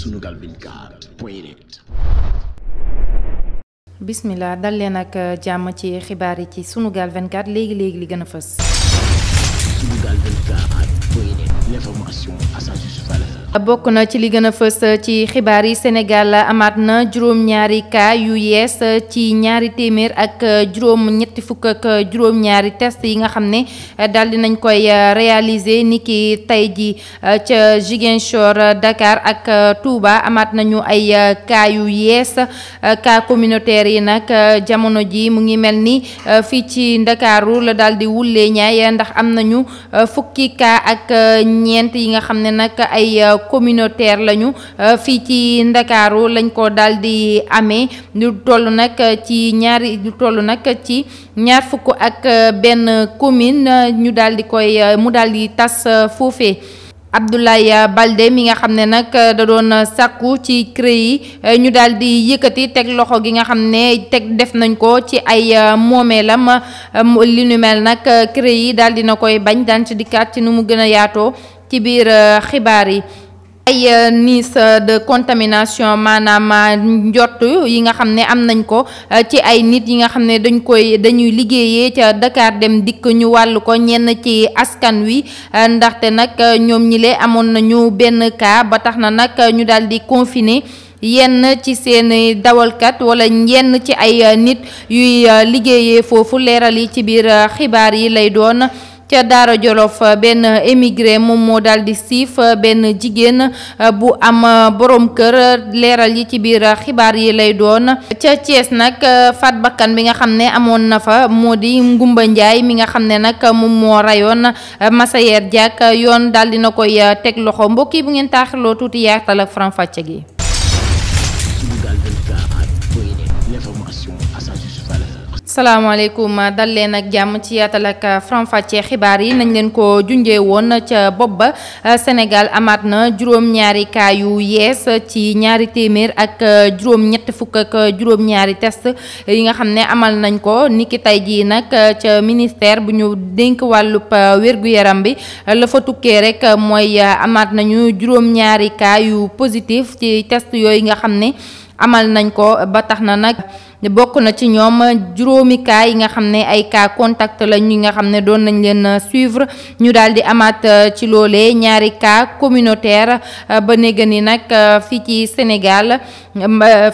Sunugal 24 point net l'information ak euh, jàmm ci xibaar yi ci Sunugal 24 léegi léegi li gën a fës bokk na ci li gën a fës euh, ci xibaar yi Sénégal amaat na juróom-ñaari cas yu yees euh, ci ñaari téeméer ak euh, juróom ñetti fukk ak juróom-ñaari test yi nga xam ne daal nañ koy réaliser niki ki tey ji ca Ziguinchor Dakar ak Touba amaat nañu ay cas yu yees cas communautaire yi nag jamono ji mu ngi mel ni fii ci Ndakaaru la daal di wullee ñaay ndax am nañu fukki cas ak ñeent yi nga xam ne nag ay communautaire lañu euh, fii ci Ndakaaru lañ ko daal di amee lu toll nag ci ñaari lu toll nag ci ñaar fukk ak euh, benn commune euh, ñu daal koy mu daal di tas foofee Abdoulaye Balde mi nga xam ne nag da doon sàkku ci CREI yi ñu daal di yëkkati teg loxo gi nga xam ne teg def nañ ko ci ay moomeelam li nu mel nag CREI yi daal na koy bañ daan ci dikkaat ci nu mu gën a yaatoo ci biir xibaar yi. ay euh, niis euh, de contamination maanaam euh, njot yi nga xam ne am nañ ko ci ay nit yi nga xam ne dañ koy dañuy liggéeyee ca Dakar dem dikk ñu wàll ko ñenn ci askan wi ndaxte nag ñoom ñi lee amoon nañu benn kaa ba tax na nag ñu daal di confiner yenn ci seen dawalkat wala yenn ci ay nit yuy liggéeyee foofu leeral yi ci biir xibaar yi lay doon ca Daara Jolof benn émigré moom moo daldi di siif benn jigéen euh, bu am euh, boroom kër leeral yi ci biir xibaar yi lay doon ca Thiès nag euh, faat bakkan bi nga xam ne amoon na fa moo di Ngumba Njaay mi nga xam ne nag moom moo rayoon Massayer jàkk yoon daal na koy teg loxo mbokk yi bu ngeen taaxirloo tuuti yaatal ak faram gi. salaamaaleykum dal leen ak jàmm ci yaatal ak faram-fàccee xibaar yi nañ leen ko junjee woon ca bopp ba senegal amaat na juróom-ñaari cas yu yees ci ñaari téeméer ak juróom-ñett fukk ak juróom-ñaari test yi nga xam ne amal nañ ko niki tey jii nag ca ministère bu ñu dénk wàllub wér yaram bi la fa rek mooy amaat nañu juróom yu positif ci test yooyu nga xam ne amal nañ ko ba tax na nag. bokk na ci ñoom juróomi cas yi nga xam ne ay kaa contact la ñi nga xam ne doon nañ leen euh, suivre ñu daal di amaat euh, ci loolee ñaari kaa communautaire euh, ba néega ni nag fii ci Sénégal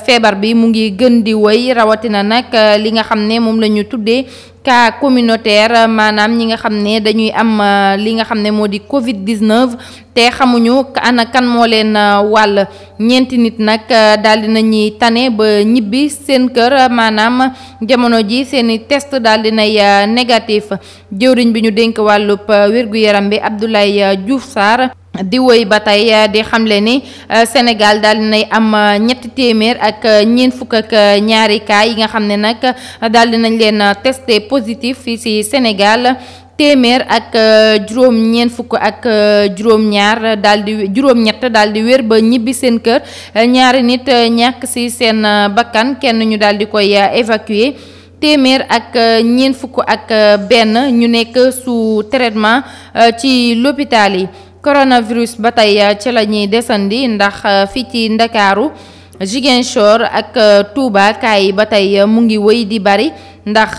feebar bi mu ngi gën di woy rawatina nag li nga xam ne moom la ñu tuddee cas communautaire maanaam ñi nga xam ne dañuy am euh, li nga xam ne moo di Covid 19 te xamuñu ana kan moo leen euh, wàll ñeenti nit nag euh, daal di nañuy tane ba ñibbi seen kër maanaam jamono ji seeni test daal di nay négatif jëwriñ bi ñu dénk wàllu wér-gu-yaram bi Abdoulaye Diouf Sarr. di woy ba tey eh, di xamle ni eh, Sénégal daal dinay am eh, ñetti téeméer ak ñeent fukk ak ñaari cas yi nga xam ne nag daldi nañ leen testé positif fii ci Sénégal téeméer ak juróom ñeent fukk ak juróom ñaar daal di juróom ñett daal wér ba ñibbi seen kër ñaari nit ñàkk ci seen bakkan kenn ñu daal di koy évacuer téeméer ak ñeent fukk ak benn ñu nekk su traitement ci lopital yi coronavirus ba tey euh, ci la ñuy desandi ndax euh, fii ci ndakaaru Ziguinchor ak euh, tuubaakaay kaay yi ba tey mu ngi wëy di bari ndax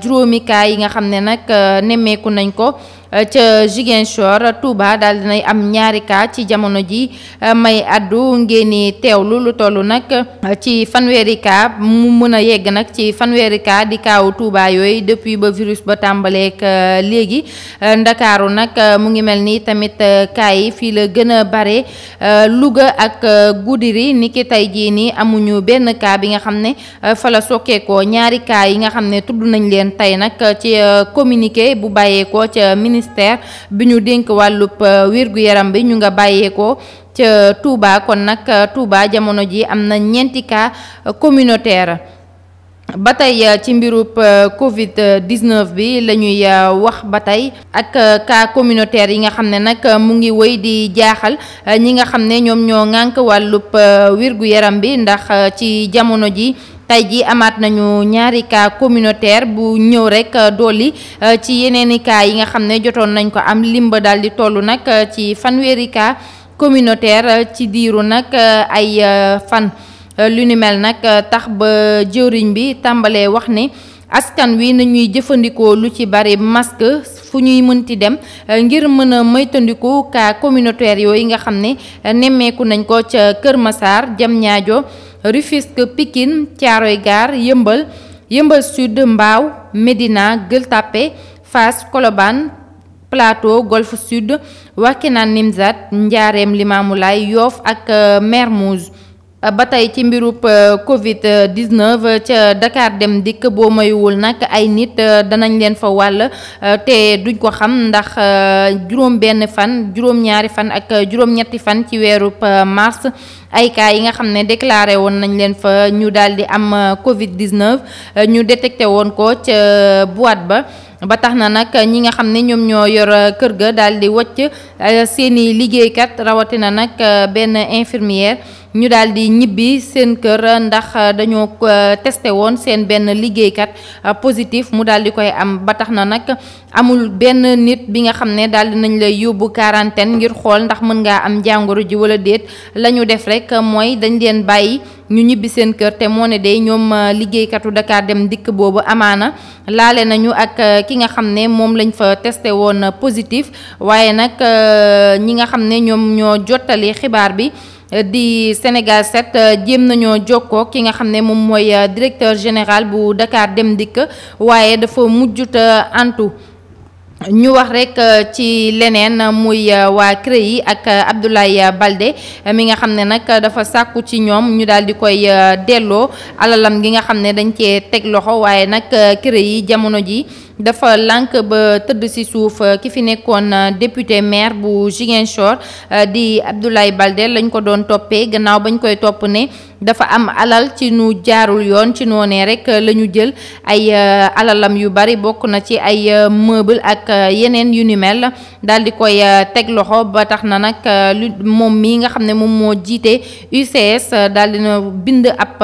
juróomi kaay yi nga xam ne nag nemmeeku nañ ko. Euh, ca Ziguinchor Touba daal dinay am ñaari kaa ci jamono ji euh, may addu ngeeni teew lu toll nag euh, ci fanweeri cas mu mën a yegg nag ci fanweeri cas di kaawu tuubaa yooyu depuis ba virus ba tàmbaleek léegi Ndakaaru nag mu ngi mel ni tamit cas yi fii la gën a bare Louga ak Goudiri niki tey jii nii amuñu benn kaa bi nga xam ne fa la sokkeekoo ñaari kaa yi nga xam ne tudd nañ leen tey nag ci communiqué bu bàyyeekoo ca ministre ministère bi ñu dénk wàllub euh, wér-gu-yaram bi ñu nga bàyyeekoo ca Touba kon nag euh, Touba jamono ji am na ñeenti cas euh, communautaire ba tey ci mbirub Covid 19 bi la ñuy wax ba tey ak cas communautaire yi nga xam ne nag mu ngi wëy di jaaxal ñi nga xam ne ñoom ñoo ŋànk wàllub wér gu yaram bi ndax ci jamono ji. tey jii amaat nañu ñaari cas communautaire bu ñëw rek euh, dolli euh, ci yeneen i yi nga xam ne jotoon nañ ko am limba daal di toll nag euh, ci fanweeri cas communautaire ci diiru nag ay fan lu ni nag tax ba jëwriñ bi tàmbalee wax ni askan wi nañuy jëfandikoo lu ci bari masque fu ñuy mënti dem ngir mën a moytandiku cas communautaire yooyu nga xam ne nemmeeku nañ ko ca Kër Massar jam ñaajo Rufisque Pikine Thiaroye Gare Yëmbal Yëmbal Sud Mbao medina Gueule Tapée Fass Colobane Plateau Golf Sud Wakhinane Nimzatt Ndiarème Limamoulaye yoof ak euh, Mermoz euh, ba tey ci mbirub euh, Covid 19 ca Dakar dem dikk boo mayuwul nag ay nit danañ leen fa wàll te duñ ko xam ndax juróom benn fan juróom ñaari fan ak juróom ñetti fan ci weeru mars ay cas yi nga xam ne déclaré woon nañ leen fa ñu daal di am euh, Covid 19 euh, ñu détecté woon ko ca euh, boîte ba. ba tax na nag ñi nga xam ne ñoom ñoo yor kër ga daal di wàcc seeni liggéeykat rawatina nag benn infirmière ñu daal di ñibbi seen kër ndax dañoo testé woon seen benn liggéeykat positif mu daal di koy am ba tax na nag amul benn nit bi nga xam ne daal di nañ lay yóbbu quarantaine ngir xool ndax mën ngaa am jàngoro ji wala déet lañu ñu def rek. rek mooy dañ leen bàyyi ñu ñibbi seen kër te moo ne day ñoom euh, liggéeykatu Dakar dem dikk boobu amaana laale nañu ak euh, ki nga xam ne moom lañ fa testé woon euh, positif waaye nag ñi nga xam ne ñoom ñoo jottali xibaar bi di Sénégal set jéem nañoo jokkoo ki nga xam ne moom mooy directeur général bu Dakar dem dikk waaye dafa mujjuta antu ñu wax rek euh, ci leneen muy euh, waa yi ak euh, Abdoulaye Balde mi nga xam ne nag dafa sàkku ci ñoom ñu daal di koy delloo alalam gi nga xam ne dañ cee teg loxo waaye nag CREI jamono ji dafa lànk ba tëdd ci suuf ki fi nekkoon député maire bu Ziguinchor di Abdoulaye Balde lañ ko doon toppee gannaaw bañ koy topp ne dafa am alal ci nu jaarul yoon ci noonee rek la ñu jël ay euh, alalam yu bari bokk na ci ay euh, meuble ak euh, yeneen yu ni mel daal di koy teg loxo ba tax na nag lu moom mii nga xam ne moom moo jiite UCS daal na bind ab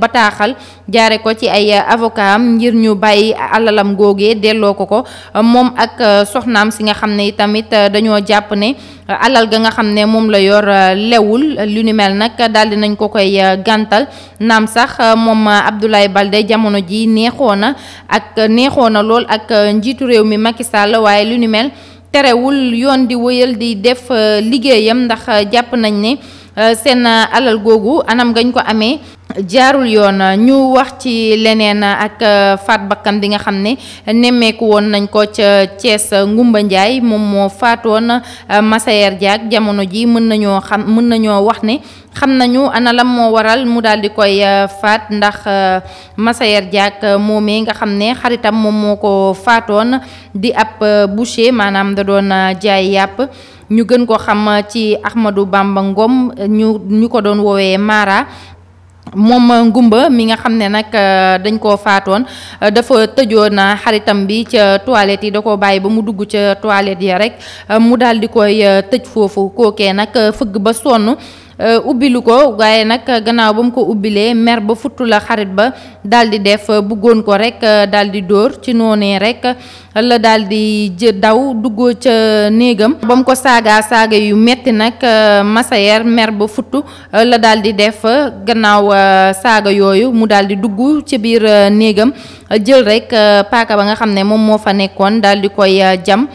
bataaxal jaare ko ci ay avocat am ngir ñu bàyyi alalam googee delloo ko ko moom ak soxnaam si nga xam ne tamit dañoo jàpp ne alal ga nga xam ne moom la yor euh, lewul lu ni mel nag daal di nañ ko koy euh, gàntal naam sax euh, moom Abdoulaye Balde jamono ji neexoo na ak neexoo na lool ak njiitu réew mi Macky Sall waaye lu ni mel terewul yoon di wëyal di def liggéeyam ndax jàpp nañ ne seen alal googu anam gañ ko amee jaarul yoon ñu wax ci leneen ak euh, faat bakkan bi nga xam ne nemmeeku woon nañ ko ca Thiès Ngumba Ndiaye moom moo faatoon euh, Massayer Diack jamono ji mën nañoo xam mën nañoo wax ne xam nañu analam moo waral mu daal di koy euh, faat ndax Massayer Diack moomee nga xam ne xaritam moom moo ko faatoon di ab boucher maanaam da doon jaay yàpp ñu gën ko xam ci Ahmadou Bamba Ngom ñu ñu ko doon woowee Mara moom Ngumba mi nga xam ne nag euh, dañ koo faatoon euh, dafa tëjoon euh, xaritam bi ca toilette yi da ko bàyyi ba mu dugg ca toilette ya rek mu daal di koy tëj foofu kooke nag fëgg ba sonn Euh, ubbilu ko waaye nag euh, gannaaw ba mu ko ubbilee mer ba futtu la xarit ba daal di def euh, bëggoon ko rek daal di dóor ci noonee rek la daal di jë daw duggoo ca néegam ba mu ko saaga saaga yu metti nag Massaer mer ba futtu la daal di def gannaaw saaga yooyu mu daal di dugg ci biir néegam jël rek paaka ba nga xam ne moom moo fa nekkoon daal di koy jam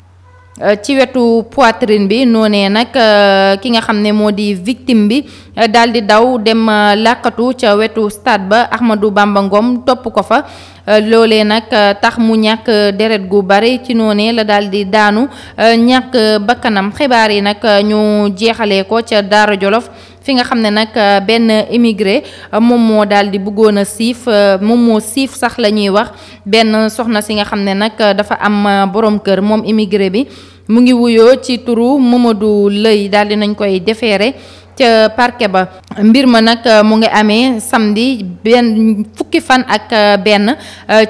Euh, ci wetu poitrine bi noonee nag euh, ki nga xam ne moo di victime bi euh, daal di daw dem làqatu ca wetu stade ba Ahmadou Bamba Ngom topp ko fa loolee nag tax mu ñàkk deret gu bare ci noonee la daal di daanu ñàkk bakkanam xibaar yi nag ñu jeexale ko ca Daara Jolof fi nga xam ne nag euh, benn immigré euh, moom moo daal di bëggoon a siif euh, moom moo siif sax la ñuy wax benn soxna si nga xam ne nag dafa am borom kër moom immigré bi mu ngi wuyoo ci turu Mamadou Lëy daal di nañ koy defeere ca parquet ba mbir ma nag mu ngi amee samedi benn fukki fan ak benn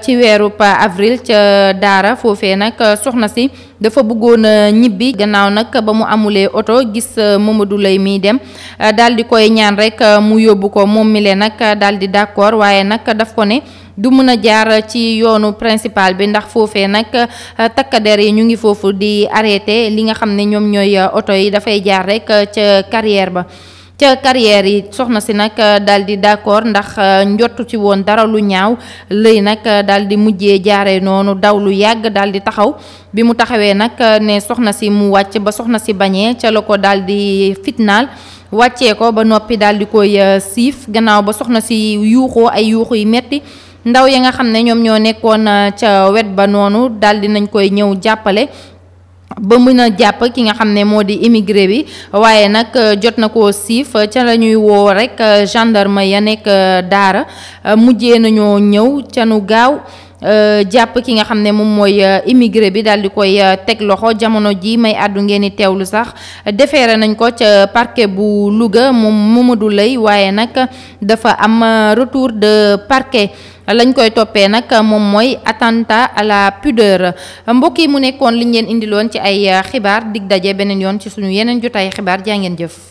ci weeru avril ca daara foofee nag soxna si dafa bëggoon a euh, ñibbi gannaaw nag ba mu amulee oto gis euh, Mamadou Lay miy dem euh, daal di koy ñaan rek mu yóbbu ko moom mi le nag daal di d'accord waaye nag daf ko ne du mën a jaar ci yoonu principal bi ndax foofee nag takk yi ñu ngi foofu di arrêté li nga xam ne ñoom ñooy oto yi dafay jaar rek ca carrière ba ca carrière yi soxna si nag euh, daal di d'accord ndax euh, njotu ci woon dara lu ñaaw lëy nag euh, daal di mujjee jaaree noonu daw lu yàgg daal di taxaw bi mu taxawee nag ne soxna si mu wàcc ba soxna si bañee ca la ko daal di fitnaal wàccee ko ba noppi daal di koy siif gannaaw ba soxna si yuuxoo ay yuuxu yu metti ndaw yi nga xam ne ñoom ñoo nekkoon ca wet ba noonu daal di nañ koy ñëw jàppale ba mën a jàpp ki nga xam ne moo di immigré bi waaye nag euh, jot na ko siif euh, ca la ñuy woo rek euh, gendarme ya nekk daara mujjee nañoo ñëw ca nu gaaw Euh, jàpp ki nga xam ne moom mooy euh, immigré bi daal di koy euh, teg loxo jamono ji may àddu ngeen di lu sax defeere nañ ko ca parquet bu Louga moom Mamadou Lay waaye nag dafa am retour de parquet lañ koy toppee nag moom mooy attentat à la pudeur mbokk yi mu nekkoon liñ ngeen indiloon ci ay xibaar dig daje beneen yoon ci suñu yeneen jotaay xibaar jaa ngeen jëf.